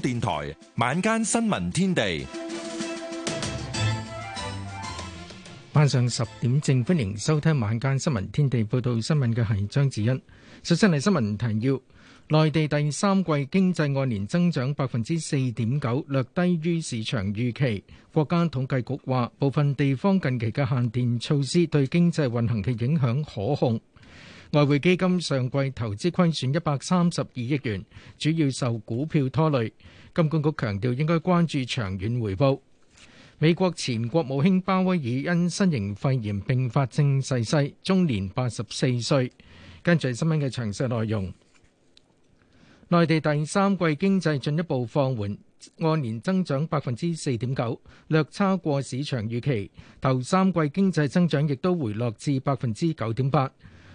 電台晚間新聞天地，晚上十點正歡迎收聽晚間新聞天地。報道新聞嘅係張子欣。首先係新聞提要：內地第三季經濟按年增長百分之四點九，略低於市場預期。國家統計局話，部分地方近期嘅限電措施對經濟運行嘅影響可控。外匯基金上季投資虧損一百三十二億元，主要受股票拖累。金管局強調應該關注長遠回報。美國前國務卿鮑威爾因新型肺炎併發症逝世，終年八十四歲。跟住新聞嘅詳細內容。內地第三季經濟進一步放緩，按年增長百分之四點九，略差過市場預期。頭三季經濟增長亦都回落至百分之九點八。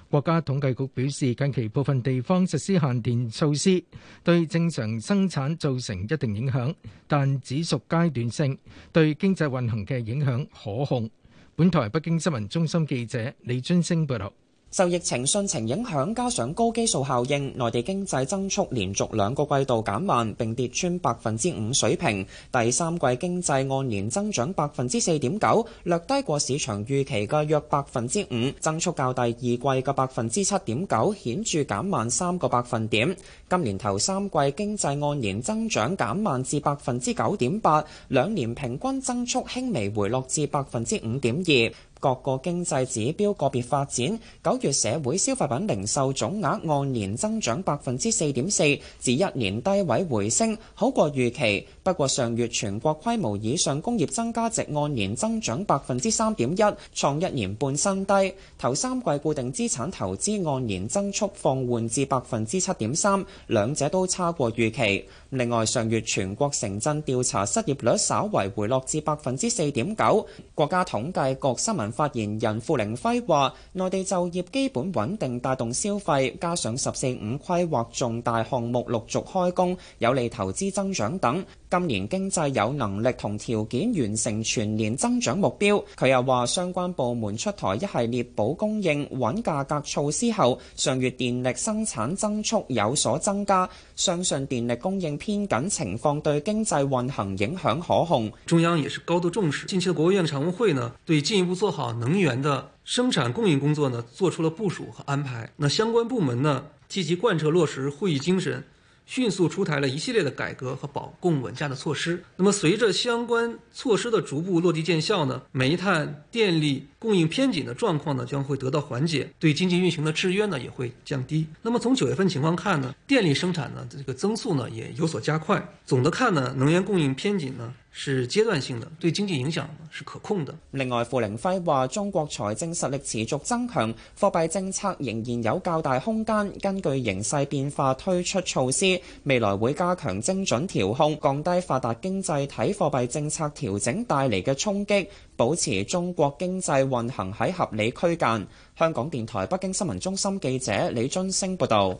國家統計局表示，近期部分地方實施限電措施，對正常生產造成一定影響，但只屬階段性，對經濟運行嘅影響可控。本台北京新聞中心記者李津升報道。受疫情汛情影響，加上高基數效應，內地經濟增速連續兩個季度減慢，並跌穿百分之五水平。第三季經濟按年增長百分之四點九，略低過市場預期嘅約百分之五，增速較第二季嘅百分之七點九顯著減慢三個百分點，今年頭三季經濟按年增長減慢至百分之九點八，兩年平均增速輕微回落至百分之五點二。各個經濟指標個別發展，九月社會消費品零售總額按年增長百分之四點四，至一年低位回升，好過預期。不過上月全國規模以上工業增加值按年增長百分之三點一，創一年半新低。頭三季固定資產投資按年增速放緩至百分之七點三，兩者都差過預期。另外，上月全國城鎮調查失業率稍為回落至百分之四點九。國家統計局新聞發言人傅凌輝話，內地就業基本穩定，帶動消費，加上十四五規劃重大項目陸續開工，有利投資增長等。今年經濟有能力同條件完成全年增長目標。佢又話，相關部門出台一系列保供應、穩價格措施後，上月電力生產增速有所增加，相信電力供應偏緊情況對經濟運行影響可控。中央也是高度重視，近期的國務院的常務會呢，對進一步做好能源的生產供應工作呢，做出了部署和安排。那相關部門呢，積極貫徹落實會議精神，迅速出台了一系列的改革和保供穩價的措施。那麼隨着相關措施的逐步落地見效呢，煤炭、電力。供應偏緊的狀況呢將會得到緩解，對經濟運行的制約呢也會降低。那麼從九月份情況看呢，電力生產呢這個增速呢也有所加快。總的看呢，能源供應偏緊呢是階段性的，對經濟影響是可控的。另外，傅凌輝話：中國財政實力持續增強，貨幣政策仍然有較大空間，根據形勢變化推出措施。未來會加強精準調控，降低發達經濟體貨幣政策調整，調整帶來嘅衝擊。保持中國經濟運行喺合理區間。香港電台北京新聞中心記者李津升報道。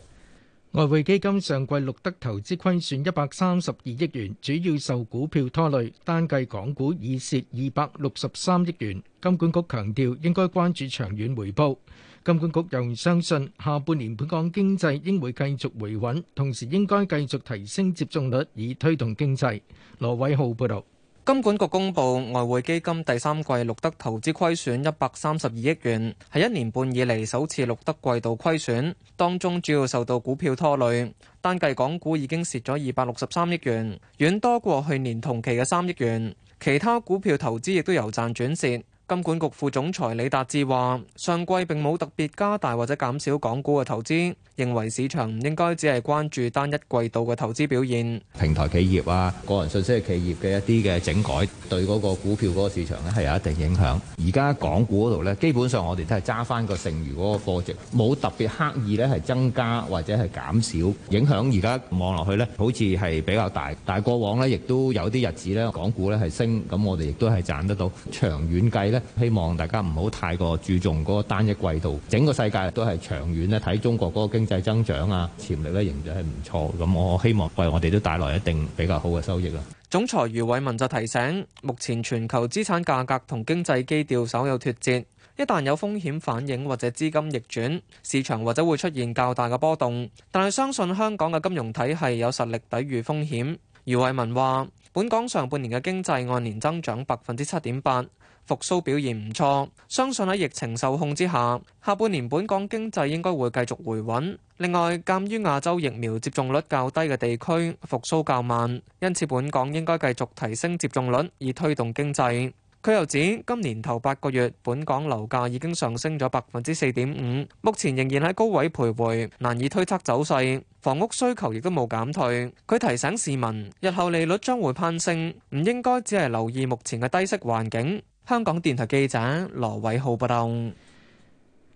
外匯基金上季錄得投資虧損一百三十二億元，主要受股票拖累，單計港股已蝕二百六十三億元。金管局強調應該關注長遠回報。金管局又相信下半年本港經濟應會繼續回穩，同時應該繼續提升接種率以推動經濟。羅偉浩報道。金管局公布外匯基金第三季錄得投資虧損一百三十二億元，係一年半以嚟首次錄得季度虧損，當中主要受到股票拖累，單計港股已經蝕咗二百六十三億元，遠多過去年同期嘅三億元，其他股票投資亦都由賺轉蝕。金管局副總裁李達志話，上季並冇特別加大或者減少港股嘅投資，認為市場唔應該只係關注單一季度嘅投資表現。平台企業啊，個人信息嘅企業嘅一啲嘅整改，對嗰個股票嗰個市場呢係有一定影響。而家港股嗰度呢，基本上我哋都係揸翻個剩餘嗰個貨值，冇特別刻意呢係增加或者係減少影響。而家望落去呢，好似係比較大，但係過往呢，亦都有啲日子呢，港股呢係升，咁我哋亦都係賺得到。長遠計。希望大家唔好太過注重嗰個單一季度，整個世界都係長遠咧睇，中國嗰個經濟增長啊，潛力咧仍然係唔錯，咁我希望為我哋都帶來一定比較好嘅收益啊！總裁余偉文就提醒，目前全球資產價格同經濟基調稍有脫節，一旦有風險反應或者資金逆轉，市場或者會出現較大嘅波動。但係相信香港嘅金融體系有實力抵禦風險。余偉文話，本港上半年嘅經濟按年增長百分之七點八。復甦表現唔錯，相信喺疫情受控之下，下半年本港經濟應該會繼續回穩。另外，鑑於亞洲疫苗接種率較低嘅地區復甦較慢，因此本港應該繼續提升接種率，以推動經濟。佢又指，今年頭八個月本港樓價已經上升咗百分之四點五，目前仍然喺高位徘徊，難以推測走勢。房屋需求亦都冇減退。佢提醒市民，日後利率將會攀升，唔應該只係留意目前嘅低息環境。香港電台記者羅偉浩報道，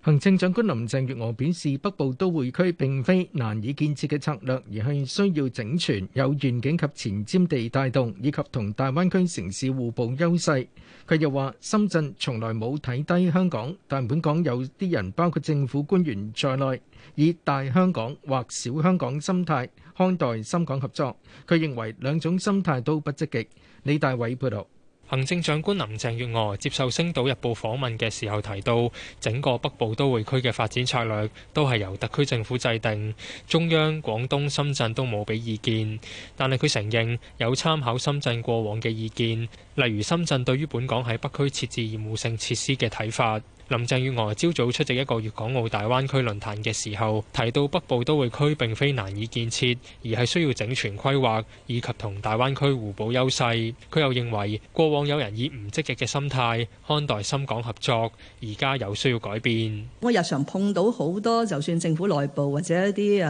行政長官林鄭月娥表示，北部都會區並非難以建設嘅策略，而係需要整全有願景及前瞻地帶動，以及同大灣區城市互補優勢。佢又話，深圳從來冇睇低香港，但本港有啲人，包括政府官員在內，以大香港或小香港心態看待深港合作。佢認為兩種心態都不積極。李大偉報道。行政長官林鄭月娥接受《星島日報》訪問嘅時候提到，整個北部都會區嘅發展策略都係由特區政府制定，中央、廣東、深圳都冇俾意見。但係佢承認有參考深圳過往嘅意見，例如深圳對於本港喺北區設置業務性設施嘅睇法。林鄭月娥朝早出席一個粵港澳大灣區論壇嘅時候，提到北部都會區並非難以建設，而係需要整全規劃，以及同大灣區互補優勢。佢又認為，過往有人以唔積極嘅心態看待深港合作，而家有需要改變。我日常碰到好多，就算政府內部或者一啲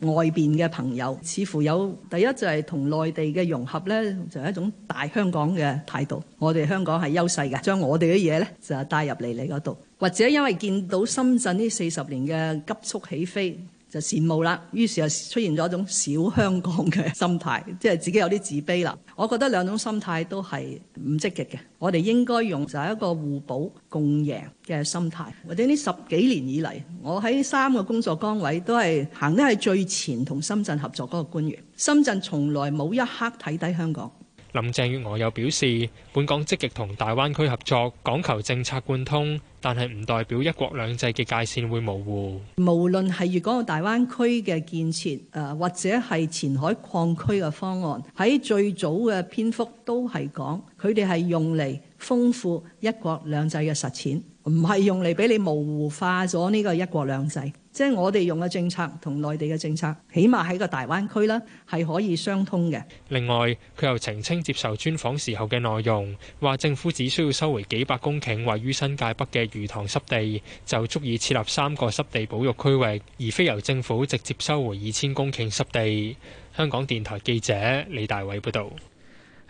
誒外邊嘅朋友，似乎有第一就係同內地嘅融合呢就係一種大香港嘅態度。我哋香港係優勢嘅，將我哋嘅嘢呢就帶入嚟你嗰度。或者因為見到深圳呢四十年嘅急速起飛，就羨慕啦，於是就出現咗一種小香港嘅心態，即係自己有啲自卑啦。我覺得兩種心態都係唔積極嘅，我哋應該用就係一個互補共贏嘅心態。或者呢十幾年以嚟，我喺三個工作崗位都係行得係最前，同深圳合作嗰個官員，深圳從來冇一刻睇低香港。林鄭月娥又表示，本港積極同大灣區合作，講求政策貫通，但係唔代表一國兩制嘅界綫會模糊。無論係粵港澳大灣區嘅建設，誒、或者係前海礦區嘅方案，喺最早嘅篇幅都係講佢哋係用嚟豐富一國兩制嘅實踐，唔係用嚟俾你模糊化咗呢個一國兩制。即係我哋用嘅政策同內地嘅政策，起碼喺個大灣區啦，係可以相通嘅。另外，佢又澄清接受專訪時候嘅內容，話政府只需要收回幾百公頃位於新界北嘅魚塘濕地，就足以設立三個濕地保育區域，而非由政府直接收回二千公頃濕地。香港電台記者李大偉報導。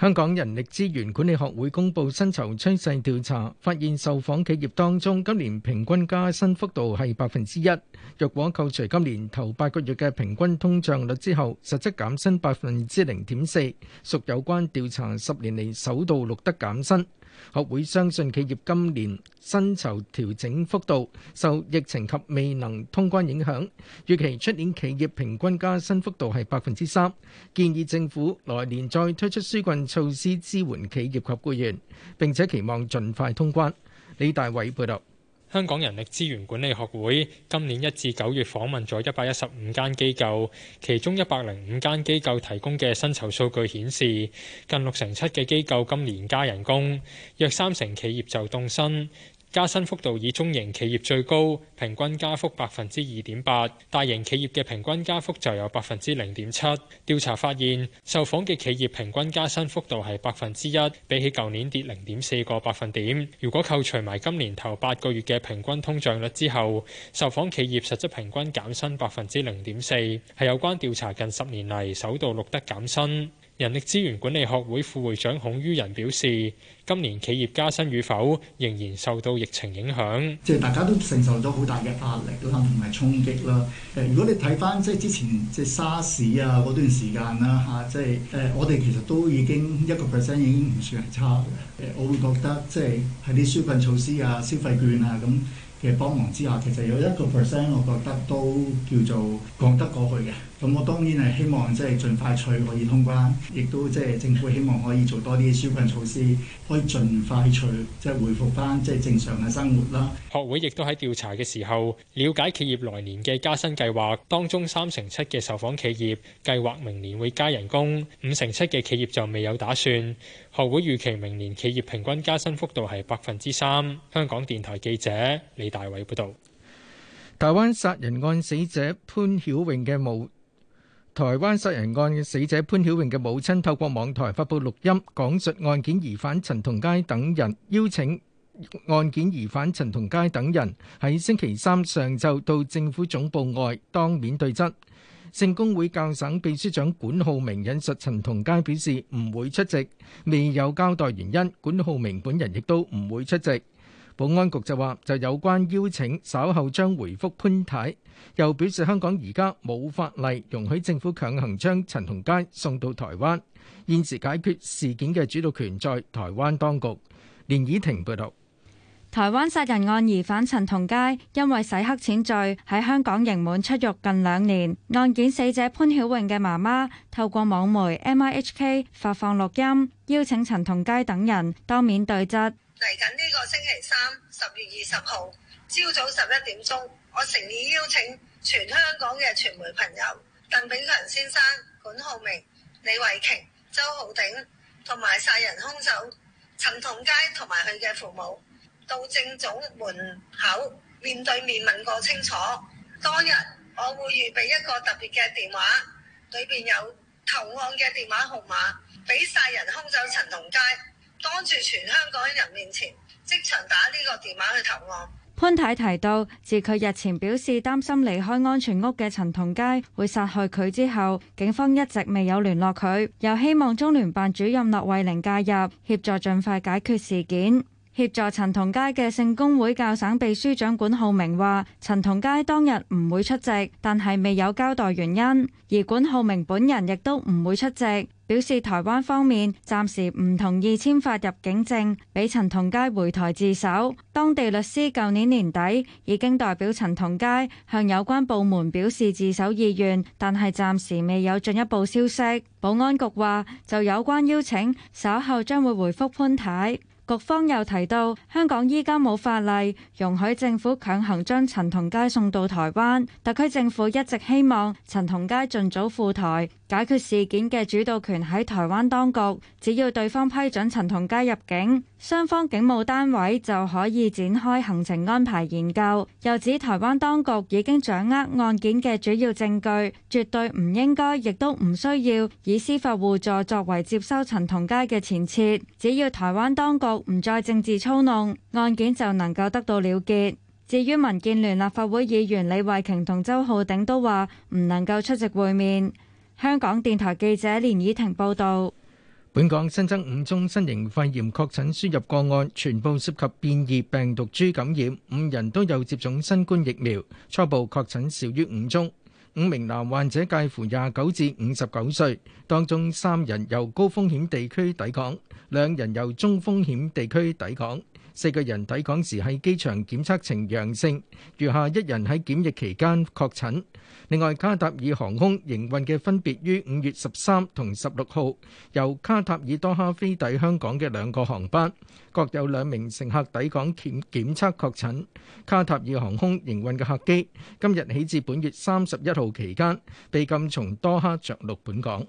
香港人力資源管理學會公布薪酬趨勢調查，發現受訪企業當中，今年平均加薪幅度係百分之一。若果扣除今年頭八個月嘅平均通脹率之後，實質減薪百分之零點四，屬有關調查十年嚟，首度錄得減薪。學會相信企業今年薪酬調整幅度受疫情及未能通關影響，預期出年企業平均加薪幅度係百分之三。建議政府來年再推出紓困措施支援企業及雇員，並且期望盡快通關。李大偉報道。香港人力資源管理學會今年一至九月訪問咗一百一十五間機構，其中一百零五間機構提供嘅薪酬數據顯示，近六成七嘅機構今年加人工，約三成企業就凍薪。加薪幅度以中型企業最高，平均加幅百分之二點八；大型企業嘅平均加幅就有百分之零點七。調查發現，受訪嘅企業平均加薪幅度係百分之一，比起舊年跌零點四個百分點。如果扣除埋今年頭八個月嘅平均通脹率之後，受訪企業實質平均減薪百分之零點四，係有關調查近十年嚟，首度錄得減薪。人力資源管理學會副會長孔于人表示，今年企業加薪與否仍然受到疫情影響，即係大家都承受咗好大嘅壓力啦，同埋衝擊啦。誒，如果你睇翻即係之前即係沙士啊嗰段時間啦吓，即係誒，我哋其實都已經一個 percent 已經唔算係差誒，我會覺得即係喺啲紓困措施啊、消費券啊咁嘅幫忙之下，其實有一個 percent，我覺得都叫做講得過去嘅。咁我當然係希望即係盡快趣可以通關，亦都即係政府希望可以做多啲紓困措施，可以盡快趣即係回復翻即係正常嘅生活啦。學會亦都喺調查嘅時候了解企業來年嘅加薪計劃，當中三成七嘅受訪企業計劃明年會加人工，五成七嘅企業就未有打算。學會預期明年企業平均加薪幅度係百分之三。香港電台記者李大偉報道。台灣殺人案死者潘曉榮嘅母。台灣殺人案嘅死者潘曉穎嘅母親透過網台發布錄音，講述案件疑犯陳同佳等人，邀請案件疑犯陳同佳等人喺星期三上晝到政府總部外當面對質。聖公會教省秘書長管浩明引述陳同佳表示唔會出席，未有交代原因。管浩明本人亦都唔會出席。保安局就話，就有關邀請，稍後將回覆潘太。又表示，香港而家冇法例容許政府強行將陳同佳送到台灣。現時解決事件嘅主導權在台灣當局。連以婷報導，台灣殺人案疑犯陳同佳因為洗黑錢罪喺香港刑滿出獄近兩年。案件死者潘曉穎嘅媽媽透過網媒 MIHK 發放錄音，邀請陳同佳等人當面對質。嚟緊呢個星期三十月二十號朝早十一點鐘，我誠意邀請全香港嘅傳媒朋友、鄧炳強先生、管浩明、李慧瓊、周浩鼎同埋殺人兇手陳同佳同埋佢嘅父母到政總門口面對面問過清楚。當日我會預備一個特別嘅電話，裏邊有投案嘅電話號碼，俾殺人兇手陳同佳。當住全香港人面前，即場打呢個電話去投案。潘太提到，自佢日前表示擔心離開安全屋嘅陳同佳會殺害佢之後，警方一直未有聯絡佢，又希望中聯辦主任駱惠寧介入協助，盡快解決事件。協助陳同佳嘅聖公會教省秘書長管浩明話：陳同佳當日唔會出席，但係未有交代原因，而管浩明本人亦都唔會出席。表示台灣方面暫時唔同意簽發入境證俾陳同佳回台自首。當地律師舊年年底已經代表陳同佳向有關部門表示自首意願，但係暫時未有進一步消息。保安局話就有關邀請稍後將會回覆潘太。局方又提到，香港依家冇法例容許政府強行將陳同佳送到台灣。特區政府一直希望陳同佳盡早赴台。解決事件嘅主導權喺台灣當局，只要對方批准陳同佳入境，雙方警務單位就可以展開行程安排研究。又指台灣當局已經掌握案件嘅主要證據，絕對唔應該，亦都唔需要以司法互助作為接收陳同佳嘅前設。只要台灣當局唔再政治操弄，案件就能夠得到了結。至於民建聯立法會議員李慧瓊同周浩鼎都話唔能夠出席會面。香港電台記者連綺婷報道，本港新增五宗新型肺炎確診輸入個案，全部涉及變異病毒株感染，五人都有接種新冠疫苗，初步確診少於五宗。五名男患者，介乎廿九至五十九歲，當中三人由高風險地區抵港，兩人由中風險地區抵港。四個人抵港時喺機場檢測呈陽性，餘下一人喺檢疫期間確診。另外，卡塔爾航空營運嘅分別於五月十三同十六號由卡塔爾多哈飛抵香港嘅兩個航班，各有兩名乘客抵港檢檢測確診。卡塔爾航空營運嘅客機今日起至本月三十一號期間，被禁從多哈著陸本港。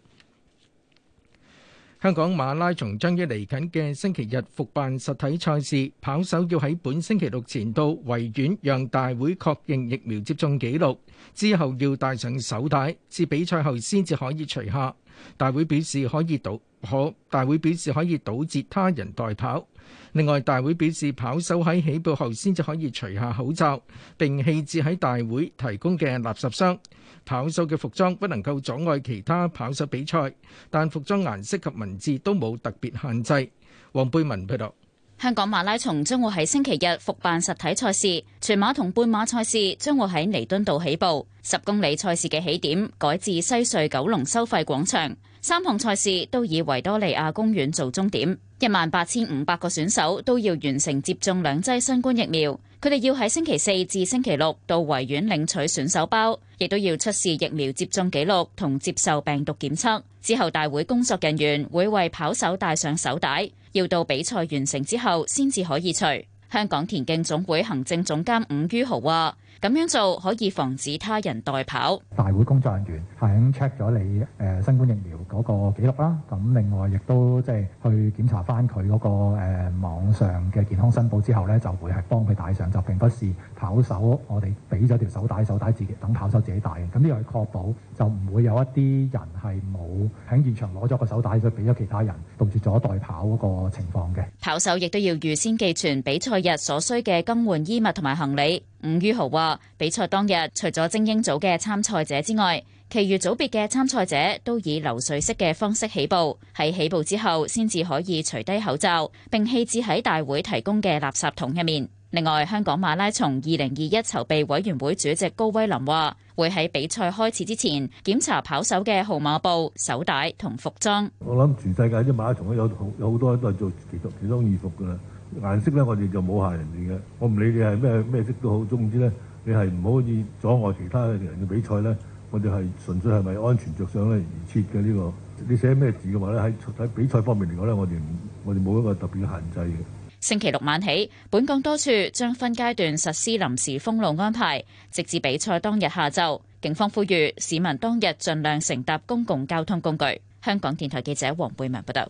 香港馬拉松將於嚟緊嘅星期日復辦實體賽事，跑手要喺本星期六前到維園，讓大會確認疫苗接種記錄，之後要戴上手帶，至比賽後先至可以除下。大會表示可以堵，可大會表示可以堵截他人代跑。另外，大會表示跑手喺起步後先至可以除下口罩，並棄置喺大會提供嘅垃圾箱。跑手嘅服裝不能夠阻礙其他跑手比賽，但服裝顏色及文字都冇特別限制。黃貝文報道，香港馬拉松將會喺星期日復辦實體賽事，全馬同半馬賽事將會喺彌敦道起步，十公里賽事嘅起點改至西隧九龍收費廣場，三項賽事都以維多利亞公園做終點。一萬八千五百個選手都要完成接種兩劑新冠疫苗。佢哋要喺星期四至星期六到維園領取選手包，亦都要出示疫苗接種記錄同接受病毒檢測。之後大會工作人員會為跑手戴上手帶，要到比賽完成之後先至可以除。香港田徑總會行政總監伍于豪話。咁樣做可以防止他人代跑。大會工作人員喺 check 咗你誒，新冠疫苗嗰個記錄啦。咁另外亦都即係去檢查翻佢嗰個誒網上嘅健康申報之後咧，就會係幫佢帶上，就並不是跑手我哋俾咗條手帶，手帶自己等跑手自己帶嘅。咁呢個係確保就唔會有一啲人係冇喺現場攞咗個手帶，再俾咗其他人，導致咗代跑嗰個情況嘅。跑手亦都要預先寄存比賽日所需嘅更換衣物同埋行李。伍于豪話，比賽當日除咗精英組嘅參賽者之外，其餘組別嘅參賽者都以流水式嘅方式起步。喺起步之後，先至可以除低口罩，並棄置喺大會提供嘅垃圾桶入面。另外，香港馬拉松二零二一籌備委員會主席高威林話，會喺比賽開始之前檢查跑手嘅號碼布、手帶同服裝。我諗全世界啲馬拉松有有有都有好多都係做其中其中衣服㗎啦。顏色咧，我哋就冇限人哋嘅。我唔理你係咩咩色都好，總之咧，你係唔可以阻礙其他嘅人嘅比賽咧。我哋係純粹係為安全着想咧而設嘅呢個。你寫咩字嘅話咧，喺喺比賽方面嚟講咧，我哋我哋冇一個特別嘅限制嘅。星期六晚起，本港多處將分階段實施臨時封路安排，直至比賽當日下晝。警方呼籲市民當日盡量乘搭公共交通工具。香港電台記者黃貝文報道。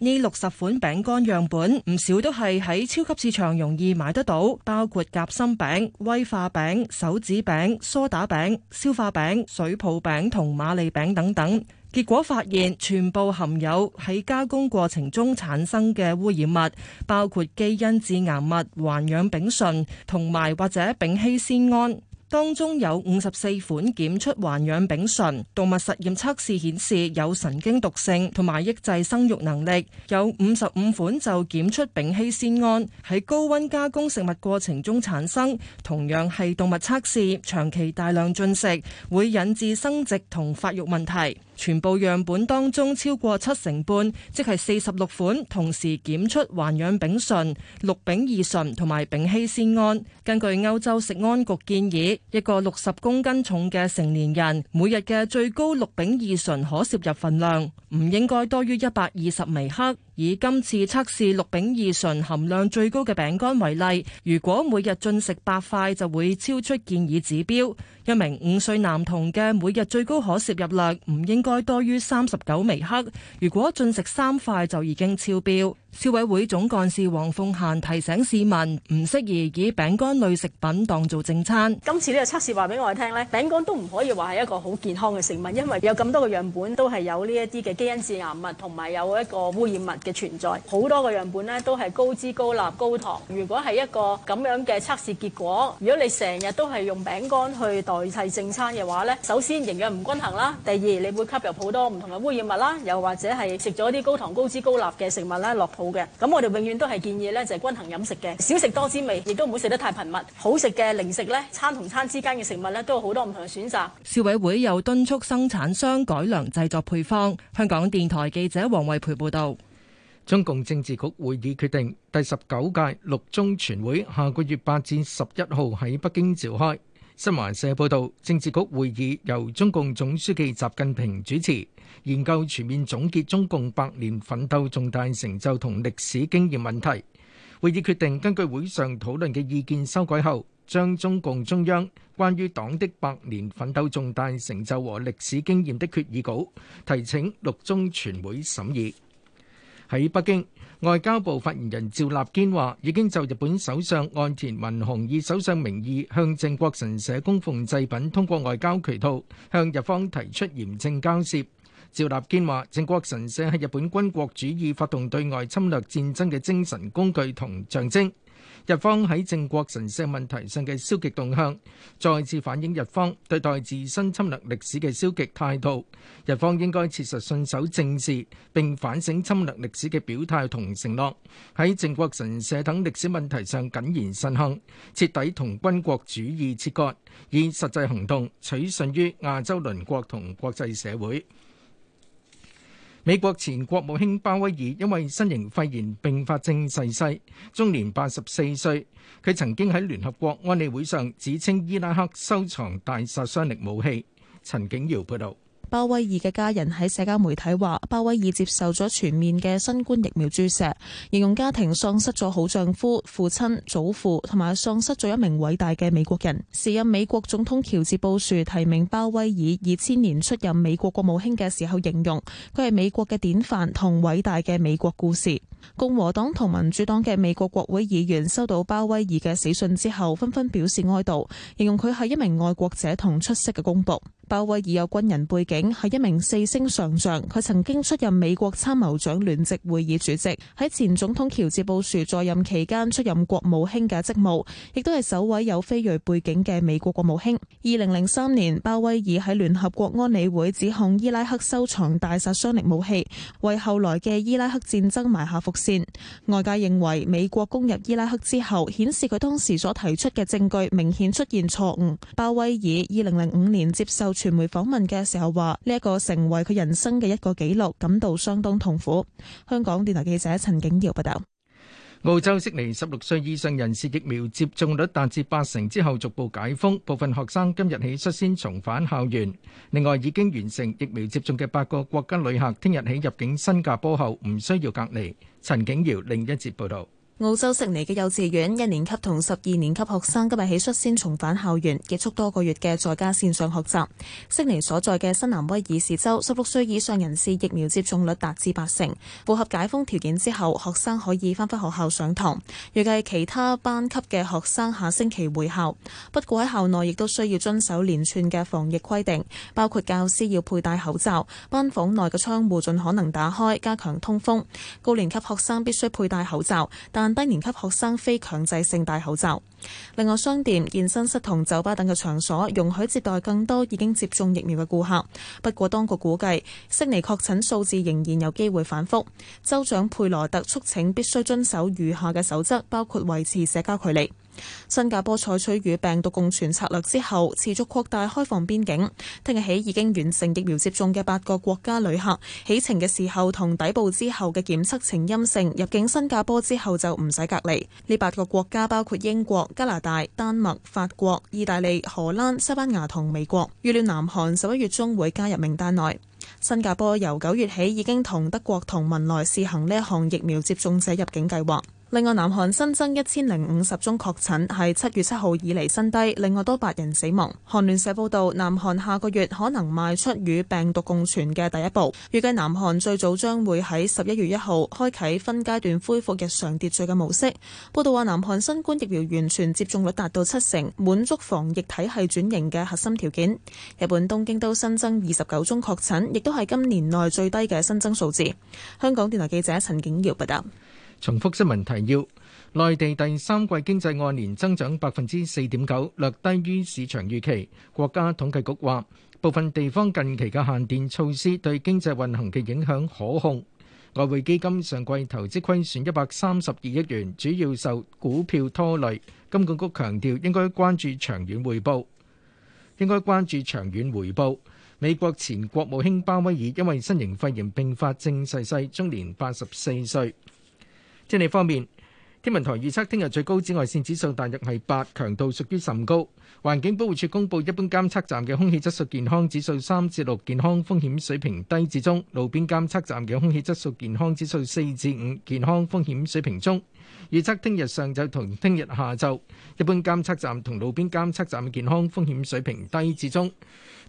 呢六十款餅乾樣本唔少都係喺超級市場容易買得到，包括夾心餅、威化餅、手指餅、梳打餅、消化餅、水泡餅同馬利餅等等。結果發現，全部含有喺加工過程中產生嘅污染物，包括基因致癌物、環氧丙醇，同埋或者丙烯酰胺當中有五十四款檢出環氧丙醇，動物實驗測試顯示有神經毒性同埋抑制生育能力；有五十五款就檢出丙烯酰胺，喺高溫加工食物過程中產生，同樣係動物測試，長期大量進食會引致生殖同發育問題。全部樣本當中，超過七成半，即係四十六款，同時檢出環氧丙醇、氯丙二醇同埋丙烯酰胺。根據歐洲食安局建議，一個六十公斤重嘅成年人，每日嘅最高氯丙二醇可攝入份量唔應該多於一百二十微克。以今次測試六丙二醇含量最高嘅餅乾為例，如果每日進食八塊就會超出建議指標。一名五歲男童嘅每日最高可攝入量唔應該多於三十九微克，如果進食三塊就已經超標。消委會總幹事黃鳳嫻提醒市民，唔適宜以餅乾類食品當做正餐。今次呢個測試話俾我哋聽咧，餅乾都唔可以話係一個好健康嘅食物，因為有咁多個樣本都係有呢一啲嘅基因致癌物同埋有一個污染物嘅存在。好多個樣本咧都係高脂、高鈉、高糖。如果係一個咁樣嘅測試結果，如果你成日都係用餅乾去代替正餐嘅話咧，首先營養唔均衡啦，第二你會吸入好多唔同嘅污染物啦，又或者係食咗啲高糖、高脂、高鈉嘅食物咧，落好嘅，咁我哋永遠都係建議咧，就係均衡飲食嘅，少食多滋味，亦都唔好食得太頻密。好食嘅零食咧，餐同餐之間嘅食物咧，都有好多唔同嘅選擇。消委會又敦促生產商改良製作配方。香港電台記者黃惠培報導。中共政治局會議決定，第十九屆六中全會下個月八至十一號喺北京召開。新華社報道，政治局會議由中共總書記習近平主持，研究全面總結中共百年奮鬥重大成就同歷史經驗問題。會議決定，根據會上討論嘅意見修改後，將中共中央關於黨的百年奮鬥重大成就和歷史經驗的決議稿，提請六中全會審議。喺北京。外交部發言人趙立堅話，已經就日本首相岸田文雄以首相名義向靖國神社供奉祭品，通過外交渠道向日方提出嚴正交涉。趙立堅話，靖國神社係日本軍國主義發動對外侵略戰爭嘅精神工具同象徵。日方喺靖國神社問題上嘅消極動向，再次反映日方對待自身侵略歷史嘅消極態度。日方應該切實信守正視，並反省侵略歷史嘅表態同承諾，喺靖國神社等歷史問題上謹言慎行，徹底同軍國主義切割，以實際行動取信於亞洲鄰國同國際社會。美國前國務卿鮑威爾因為新型肺炎併發症逝世，終年八十四歲。佢曾經喺聯合國安理會上指稱伊拉克收藏大殺傷力武器。陳景堯報導。鮑威爾嘅家人喺社交媒體話，鮑威爾接受咗全面嘅新冠疫苗注射，形容家庭喪失咗好丈夫、父親、祖父，同埋喪失咗一名偉大嘅美國人。時任美國總統喬治布殊提名鮑威爾二千年出任美國國務卿嘅時候，形容佢係美國嘅典範同偉大嘅美國故事。共和黨同民主黨嘅美國國會議員收到鮑威爾嘅死訊之後，紛紛表示哀悼，形容佢係一名愛國者同出色嘅公僕。鮑威爾有軍人背景，係一名四星上將，佢曾經出任美國參謀長聯席會議主席，喺前總統喬治布殊在任期間出任國務卿嘅職務，亦都係首位有非裔背景嘅美國國務卿。二零零三年，鮑威爾喺聯合國安理會指控伊拉克收藏大殺傷力武器，為後來嘅伊拉克戰爭埋下伏線。外界認為美國攻入伊拉克之後，顯示佢當時所提出嘅證據明顯出現錯誤。鮑威爾二零零五年接受。傳媒訪問嘅時候話，呢一個成為佢人生嘅一個紀錄，感到相當痛苦。香港電台記者陳景堯報道。澳洲悉尼十六歲以上人士疫苗接種率達至八成之後，逐步解封，部分學生今日起率先重返校園。另外，已經完成疫苗接種嘅八個國家旅客，聽日起入境新加坡後唔需要隔離。陳景堯另一節報道。澳洲悉尼嘅幼稚園一年級同十二年級學生今日起率先重返校園，結束多個月嘅在家線上學習。悉尼所在嘅新南威爾士州十六歲以上人士疫苗接種率達至八成，符合解封條件之後，學生可以返返學校上堂。預計其他班級嘅學生下星期回校。不過喺校內亦都需要遵守連串嘅防疫規定，包括教師要佩戴口罩，班房內嘅窗戶盡可能打開，加強通風。高年級學生必須佩戴口罩，但低年級學生非強制性戴口罩。另外，商店、健身室同酒吧等嘅場所容許接待更多已經接種疫苗嘅顧客。不過，當局估計悉尼確診數字仍然有機會反覆。州長佩羅特促請必須遵守餘下嘅守則，包括維持社交距離。新加坡採取與病毒共存策略之後，持續擴大開放邊境。聽日起已經完成疫苗接種嘅八個國家旅客，起程嘅時候同抵埗之後嘅檢測呈陰性，入境新加坡之後就唔使隔離。呢八個國家包括英國、加拿大、丹麥、法國、意大利、荷蘭、西班牙同美國。預料南韓十一月中會加入名單內。新加坡由九月起已經同德國同文萊試行呢一項疫苗接種者入境計劃。另外，南韓新增一千零五十宗確診，係七月七號以嚟新低，另外多八人死亡。韓聯社報導，南韓下個月可能邁出與病毒共存嘅第一步，預計南韓最早將會喺十一月一號開啓分階段恢復日常秩序嘅模式。報導話，南韓新冠疫苗完全接種率達到七成，滿足防疫體系轉型嘅核心條件。日本東京都新增二十九宗確診，亦都係今年內最低嘅新增數字。香港電台記者陳景堯報道。重複新聞提要：內地第三季經濟按年增長百分之四點九，略低於市場預期。國家統計局話，部分地方近期嘅限電措施對經濟運行嘅影響可控。外匯基金上季投資虧損一百三十二億元，主要受股票拖累。金管局強調應該關注長遠回報。應該關注長遠回報。美國前國務卿鮑威爾因為新型肺炎併發症逝世，終年八十四歲。天氣方面，天文台預測聽日最高紫外線指數大約係八，強度屬於甚高。環境保護署公布一般監測站嘅空氣質素健康指數三至六，6, 健康風險水平低至中；路邊監測站嘅空氣質素健康指數四至五，5, 健康風險水平中。預測聽日上晝同聽日下晝，一般監測站同路邊監測站嘅健康風險水平低至中。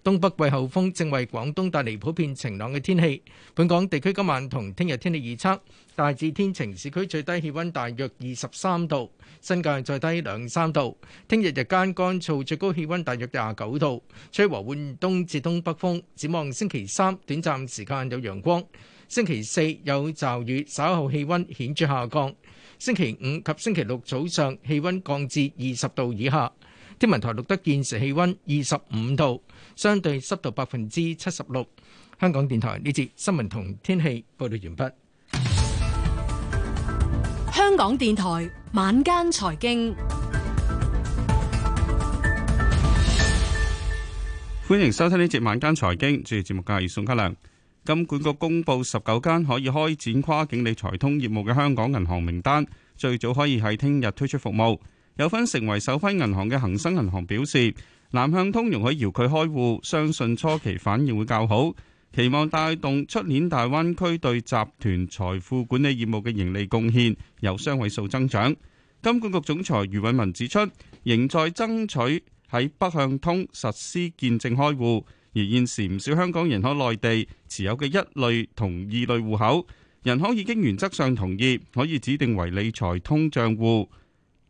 東北季候風正為廣東帶嚟普遍晴朗嘅天氣。本港地區今晚同聽日天氣預測大致天晴，市區最低氣溫大約二十三度。新界再低兩三度，聽日日間乾燥，最高氣溫大約廿九度，吹和緩東至東北風，展望星期三短暫時間有陽光，星期四有驟雨，稍後氣溫顯著下降。星期五及星期六早上氣溫降至二十度以下。天文台錄得現時氣溫二十五度，相對濕度百分之七十六。香港電台呢節新聞同天氣報道完畢。香港電台晚間財經，歡迎收聽呢節晚間財經。主持節目嘅係宋嘉良。金管局公布十九間可以開展跨境理財通業務嘅香港銀行名單，最早可以喺聽日推出服務。有份成為首批銀行嘅恒生銀行表示，南向通容許遙距開戶，相信初期反應會較好。期望帶動出年大灣區對集團財富管理業務嘅盈利貢獻有雙位數增長，金管局總裁余偉文指出，仍在爭取喺北向通實施見證開戶，而現時唔少香港人喺內地持有嘅一類同二類戶口，人行已經原則上同意可以指定為理財通賬戶。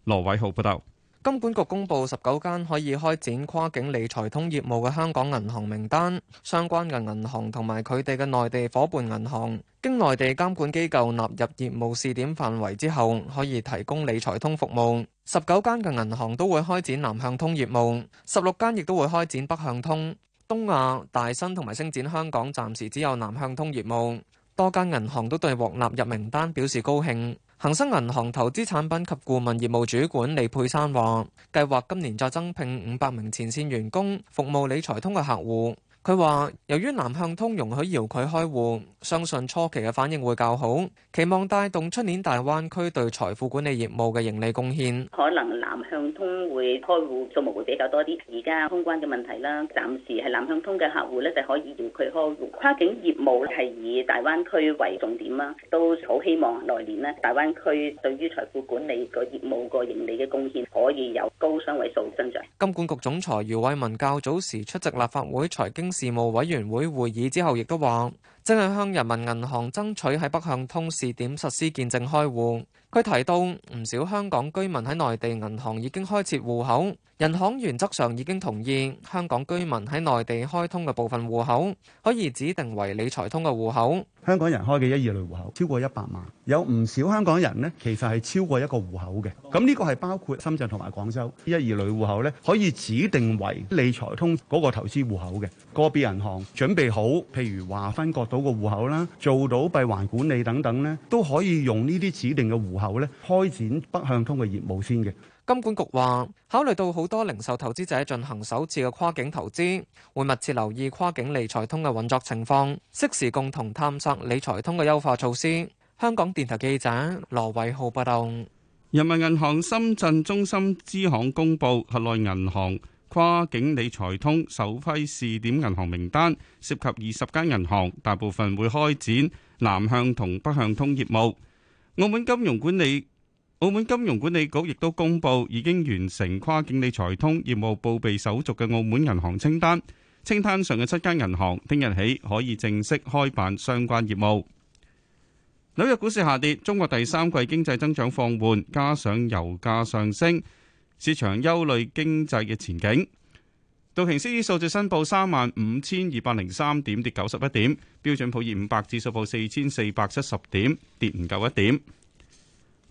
羅偉浩報道。金管局公布十九間可以開展跨境理財通業務嘅香港銀行名單，相關嘅銀行同埋佢哋嘅內地夥伴銀行，經內地監管機構納入業務試點範圍之後，可以提供理財通服務。十九間嘅銀行都會開展南向通業務，十六間亦都會開展北向通。東亞、大新同埋星展香港暫時只有南向通業務。多間銀行都對獲納入名單表示高興。恒生銀行投資產品及顧問業務主管李佩山話，計劃今年再增聘五百名前線員工，服務理財通嘅客戶。佢話：由於南向通容許遙距開戶，相信初期嘅反應會較好，期望帶動出年大灣區對財富管理業務嘅盈利貢獻。可能南向通會開戶數目會比較多啲，而家通關嘅問題啦，暫時係南向通嘅客戶咧就可以遙距開戶。跨境業務係以大灣區為重點啦，都好希望來年咧，大灣區對於財富管理個業務個盈利嘅貢獻可以有高雙位數增長。金管局總裁余偉文較早時出席立法會財經事務委員會會議之後，亦都話正係向人民銀行爭取喺北向通試點實施見證開戶。佢提到唔少香港居民喺內地銀行已經開設戶口，人行原則上已經同意香港居民喺內地開通嘅部分戶口可以指定為理財通嘅戶口。香港人開嘅一二類戶口超過一百萬，有唔少香港人咧，其實係超過一個戶口嘅。咁呢個係包括深圳同埋廣州一二類戶口咧，可以指定為理財通嗰個投資戶口嘅。個別銀行準備好，譬如話分割到個戶口啦，做到閉環管理等等咧，都可以用呢啲指定嘅戶後咧，開展北向通嘅業務先嘅。金管局話，考慮到好多零售投資者進行首次嘅跨境投資，會密切留意跨境理財通嘅運作情況，適時共同探索理財通嘅優化措施。香港電台記者羅偉浩報道。人民銀行深圳中心支行公佈轄內銀行跨境理財通首批試點銀行名單，涉及二十間銀行，大部分會開展南向同北向通業務。澳門金融管理澳門金融管理局亦都公布，已經完成跨境理財通業務報備手續嘅澳門銀行清單。清單上嘅七間銀行，聽日起可以正式開辦相關業務。紐約股市下跌，中國第三季經濟增長放緩，加上油價上升，市場憂慮經濟嘅前景。道瓊斯指數字申報三萬五千二百零三點跌九十一點，標準普爾五百指數報四千四百七十點跌唔夠一點。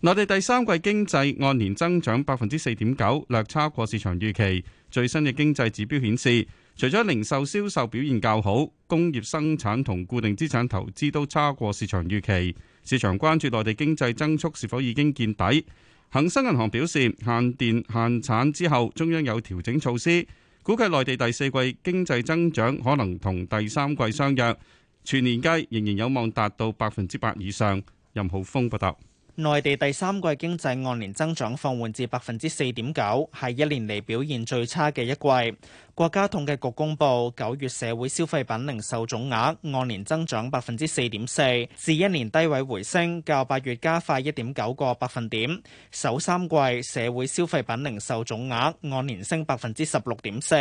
內地第三季經濟按年增長百分之四點九，略差過市場預期。最新嘅經濟指標顯示，除咗零售銷售,售表現較好，工業生產同固定資產投資都差過市場預期。市場關注內地經濟增速是否已經見底。恒生銀行表示，限電限產之後，中央有調整措施。估計內地第四季經濟增長可能同第三季相若，全年計仍然有望達到百分之八以上。任浩峰報道。內地第三季經濟按年增長放緩至百分之四點九，係一年嚟表現最差嘅一季。國家統計局公布，九月社會消費品零售總額按年增長百分之四點四，至一年低位回升，較八月加快一點九個百分點。首三季社會消費品零售總額按年升百分之十六點四。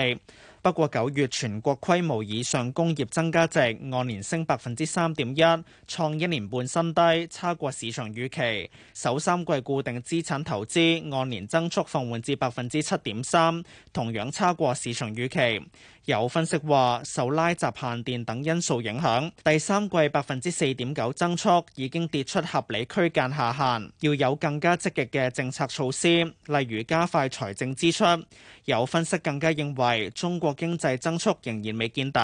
不過九月全國規模以上工業增加值按年升百分之三點一，創一年半新低，差過市場預期。首三季固定資產投資按年增速放緩至百分之七點三，同樣差過市場預期。有分析話，受拉閘限電等因素影響，第三季百分之四點九增速已經跌出合理區間下限，要有更加積極嘅政策措施，例如加快財政支出。有分析更加認為，中國經濟增速仍然未見底。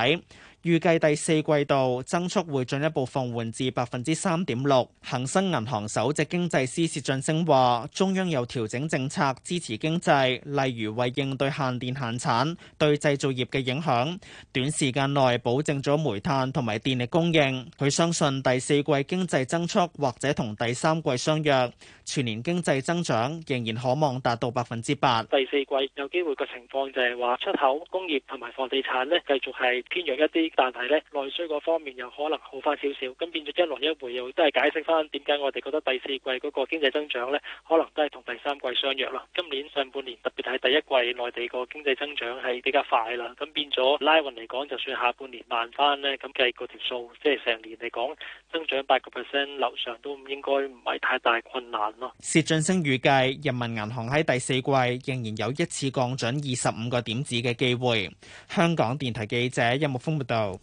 預計第四季度增速會進一步放緩至百分之三點六。恒生銀行首席經濟師薛俊昇話：中央有調整政策支持經濟，例如為應對限電限產對製造業嘅影響，短時間內保證咗煤炭同埋電力供應。佢相信第四季經濟增速或者同第三季相若，全年經濟增長仍然可望達到百分之八。第四季有機會嘅情況就係話出口、工業同埋房地產咧繼續係偏弱一啲。但係咧，內需嗰方面又可能好翻少少，咁變咗一來一回又都係解釋翻點解我哋覺得第四季嗰個經濟增長咧，可能都係同第三季相若咯。今年上半年特別係第一季，內地個經濟增長係比較快啦，咁變咗拉勻嚟講，就算下半年慢翻咧，咁計嗰條數，即係成年嚟講增長八個 percent 樓上都應該唔係太大困難咯。薛進升預計人民銀行喺第四季仍然有一次降準二十五個點子嘅機會。香港電台記者任木峯報道。有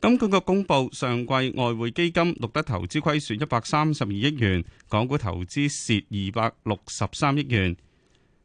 金管局公布上季外匯基金錄得投資虧損一百三十二億元，港股投資蝕二百六十三億元。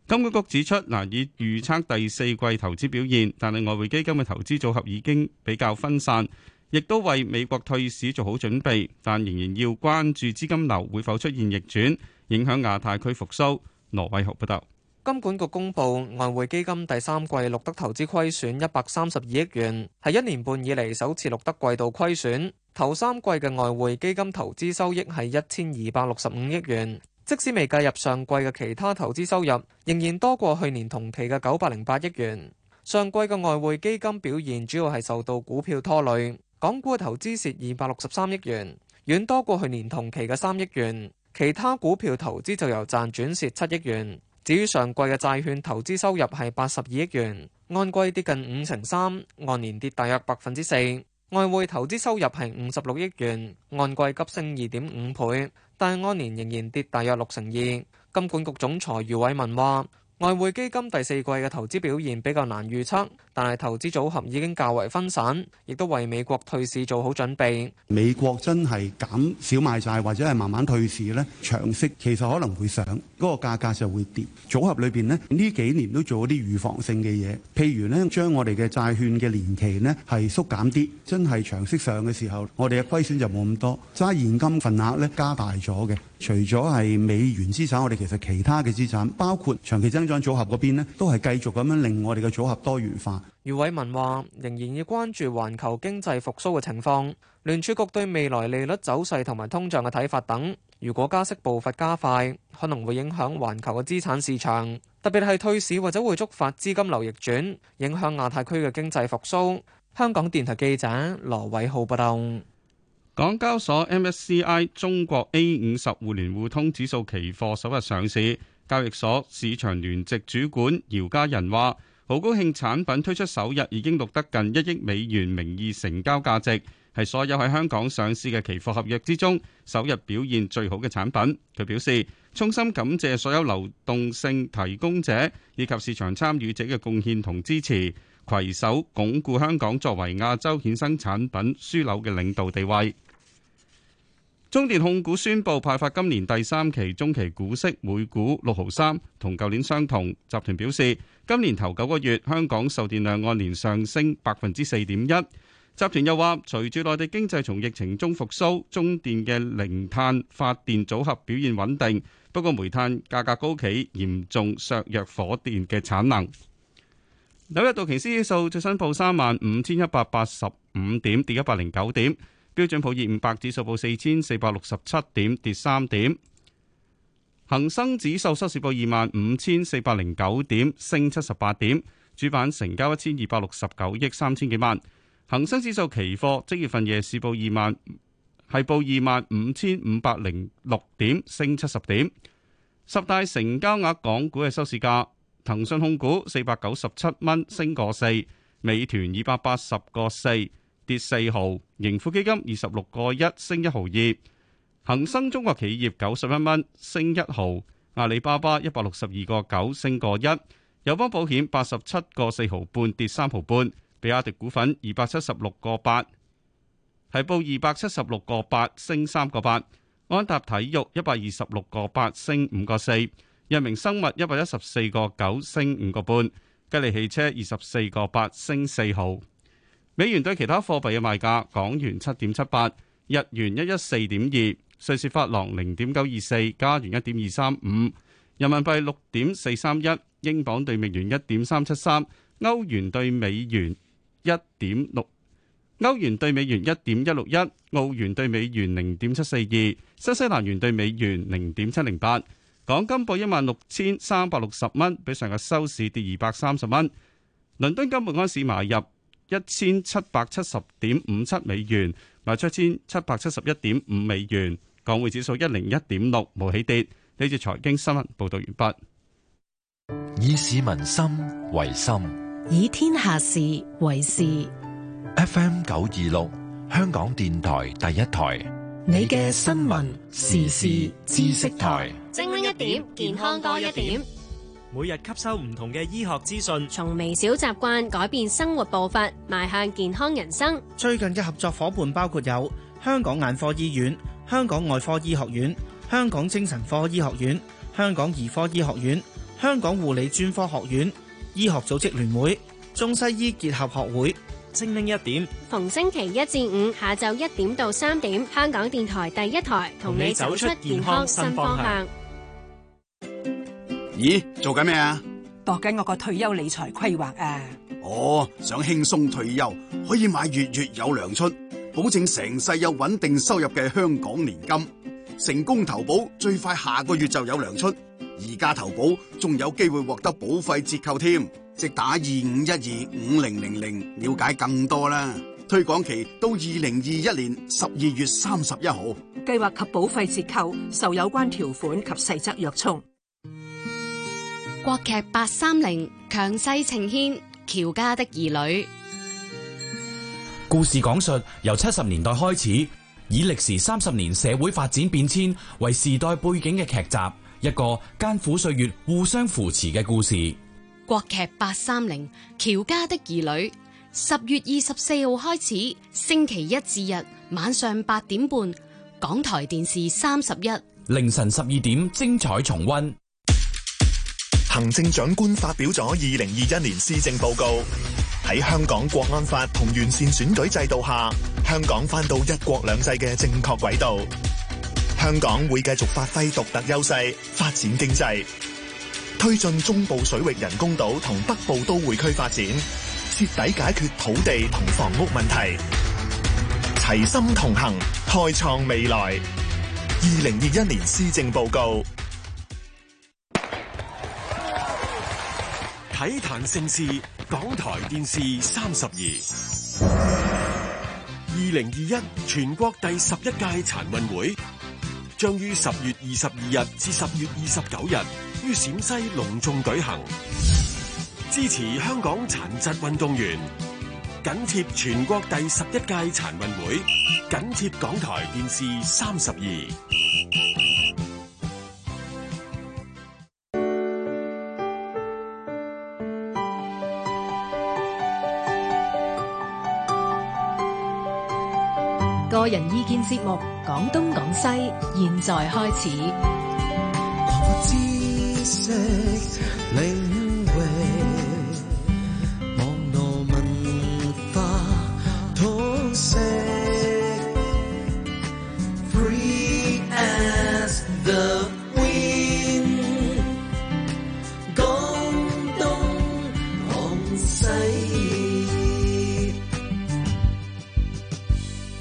金管局指出，難以預測第四季投資表現，但係外匯基金嘅投資組合已經比較分散，亦都為美國退市做好準備，但仍然要關注資金流會否出現逆轉，影響亞太區復甦。羅偉豪報道。金管局公布外匯基金第三季錄得投資虧損一百三十二億元，係一年半以嚟，首次錄得季度虧損。頭三季嘅外匯基金投資收益係一千二百六十五億元，即使未計入上季嘅其他投資收入，仍然多過去年同期嘅九百零八億元。上季嘅外匯基金表現主要係受到股票拖累，港股嘅投資蝕二百六十三億元，遠多過去年同期嘅三億元。其他股票投資就由賺轉蝕七億元。至於上季嘅債券投資收入係八十二億元，按季跌近五成三，按年跌大約百分之四。外匯投資收入係五十六億元，按季急升二點五倍，但按年仍然跌大約六成二。金管局總裁余偉文話。外匯基金第四季嘅投資表現比較難預測，但係投資組合已經較為分散，亦都為美國退市做好準備。美國真係減少賣債或者係慢慢退市呢？長息其實可能會上，嗰個價格就會跌。組合裏邊呢，呢幾年都做咗啲預防性嘅嘢，譬如呢將我哋嘅債券嘅年期呢係縮減啲，真係長息上嘅時候，我哋嘅虧損就冇咁多。揸現金份額咧加大咗嘅，除咗係美元資產，我哋其實其他嘅資產包括長期增組合嗰邊咧，都係繼續咁樣令我哋嘅組合多元化。余偉文話：仍然要關注環球經濟復甦嘅情況，聯儲局對未來利率走勢同埋通脹嘅睇法等。如果加息步伐加快，可能會影響環球嘅資產市場，特別係退市或者會觸發資金流逆轉，影響亞太區嘅經濟復甦。香港電台記者羅偉浩報道。港交所 MSCI 中國 A 五十互聯互通指數期貨首日上市。交易所市場聯席主管姚嘉仁話，好高興產品推出首日已經錄得近一億美元名義成交價值，係所有喺香港上市嘅期貨合約之中首日表現最好嘅產品。佢表示衷心感謝所有流動性提供者以及市場參與者嘅貢獻同支持，攜手鞏固香港作為亞洲衍生產品樞紐嘅領導地位。中電控股宣布派發今年第三期中期股息，每股六毫三，同舊年相同。集團表示，今年頭九個月香港售電量按年上升百分之四點一。集團又話，隨住內地經濟從疫情中復甦，中電嘅零碳發電組合表現穩定。不過煤炭價格高企，嚴重削弱火電嘅產能。紐約道瓊斯指數最新報三萬五千一百八十五點，跌一百零九點。標準普爾五百指數報四千四百六十七點，跌三點。恆生指數收市報二萬五千四百零九點，升七十八點。主板成交一千二百六十九億三千幾萬。恆生指數期貨即月份夜市報二萬，係報二萬五千五百零六點，升七十點。十大成交額港股嘅收市價，騰訊控股四百九十七蚊，升個四；美團二百八十個四。跌四毫，盈富基金二十六個一升一毫二，恒生中國企業九十一蚊升一毫，阿里巴巴一百六十二個九升個一，友邦保險八十七個四毫半跌三毫半，比亞迪股份二百七十六個八，提報二百七十六個八升三個八，安踏體育一百二十六個八升五個四，日明生物一百一十四個九升五個半，吉利汽車二十四個八升四毫。美元對其他貨幣嘅賣價：港元七點七八，日元一一四點二，瑞士法郎零點九二四，加元一點二三五，人民幣六點四三一，英鎊對美元一點三七三，歐元對美元一點六，歐元對美元一點一六一，澳元對美元零點七四二，新西蘭元對美元零點七零八。港金報一萬六千三百六十蚊，比上日收市跌二百三十蚊。倫敦金每安士買入。一千七百七十點五七美元，賣出一千七百七十一點五美元。港匯指數一零一點六，冇起跌。呢節財經新聞報道完畢。以市民心為心，以天下事為事。FM 九二六，香港電台第一台，你嘅新聞時事知識台，精靈一點，健康多一點。每日吸收唔同嘅醫學資訊，從微小習慣改變生活步伐，邁向健康人生。最近嘅合作伙伴包括有香港眼科醫院、香港外科醫學院、香港精神科醫學院、香港兒科醫學院、香港護理專科學院、醫學組織聯會、中西醫結合學會。精靈一點，逢星期一至五下晝一點到三點，香港電台第一台同你走出健康新方向。咦，做緊咩啊？度緊我個退休理財規劃啊！哦，想輕鬆退休，可以買月月有糧出，保證成世有穩定收入嘅香港年金。成功投保，最快下個月就有糧出。而家投保仲有機會獲得保費折扣添，即打二五一二五零零零，了解更多啦。推廣期到二零二一年十二月三十一號。計劃及保費折扣受有關條款及細則約束。國劇八三零強勢呈現《喬家的兒女》，故事講述由七十年代開始，以歷時三十年社會發展變遷為時代背景嘅劇集，一個艱苦歲月互相扶持嘅故事。國劇八三零《喬家的兒女》，十月二十四號開始，星期一至日晚上八點半，港台電視三十一，凌晨十二點精彩重溫。行政長官發表咗二零二一年施政報告，喺香港國安法同完善選舉制度下，香港返到一國兩制嘅正確軌道。香港會繼續發揮獨特優勢，發展經濟，推進中部水域人工島同北部都會區發展，徹底解決土地同房屋問題，齊心同行，開創未來。二零二一年施政報告。體壇盛事，港台電視三十二。二零二一全國第十一屆殘運會將於十月二十二日至十月二十九日於陝西隆重舉行。支持香港殘疾運動員，緊貼全國第十一屆殘運會，緊貼港台電視三十二。個人意見節目《講東講西》，現在開始。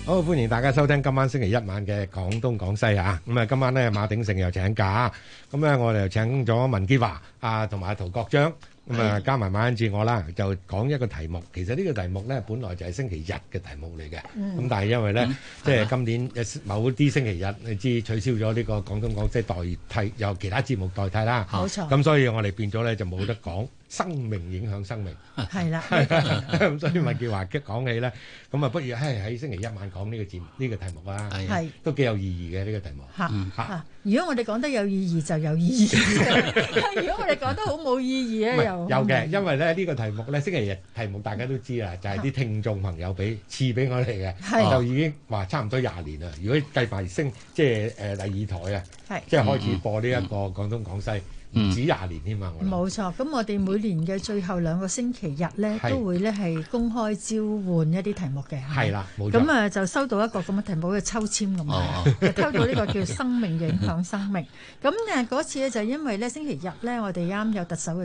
好，歡迎大家收聽今晚星期一晚嘅廣東廣西啊！今晚咧馬鼎盛又請假，我哋又請咗文潔華同埋陶國章。咁啊，加埋晚安住我啦，就講一個題目。其實呢個題目咧，本來就係星期日嘅題目嚟嘅。咁但係因為咧，即係今年有某啲星期日，你知取消咗呢個廣東講，即係代替由其他節目代替啦。冇錯。咁所以我哋變咗咧就冇得講生命影響生命。係啦。咁所以文傑話嘅講起咧，咁啊不如喺喺星期一晚講呢個節呢個題目啦。係。都幾有意義嘅呢個題目。嚇嚇。如果我哋講得有意義，就有意義； 如果我哋講得好冇意義咧，是又有嘅。因為咧呢、呢個題目咧，星期日題目大家都知啦，就係、是、啲聽眾朋友俾賜俾我哋嘅，的就已經話差唔多廿年啦。如果計埋升，即係誒第二台啊，的即係開始播呢一個廣東廣西。嗯嗯嗯唔止廿年添嘛，冇錯、嗯。咁、嗯嗯、我哋每年嘅最後兩個星期日咧，是都會咧係公開召喚一啲題目嘅。係啦，冇錯。咁啊、嗯作嗯、就收到一個咁嘅題目，好似抽籤咁樣，啊、抽到呢個叫生命影響生命。咁誒 嗰次咧就係因為咧星期日咧，我哋啱有特首嘅。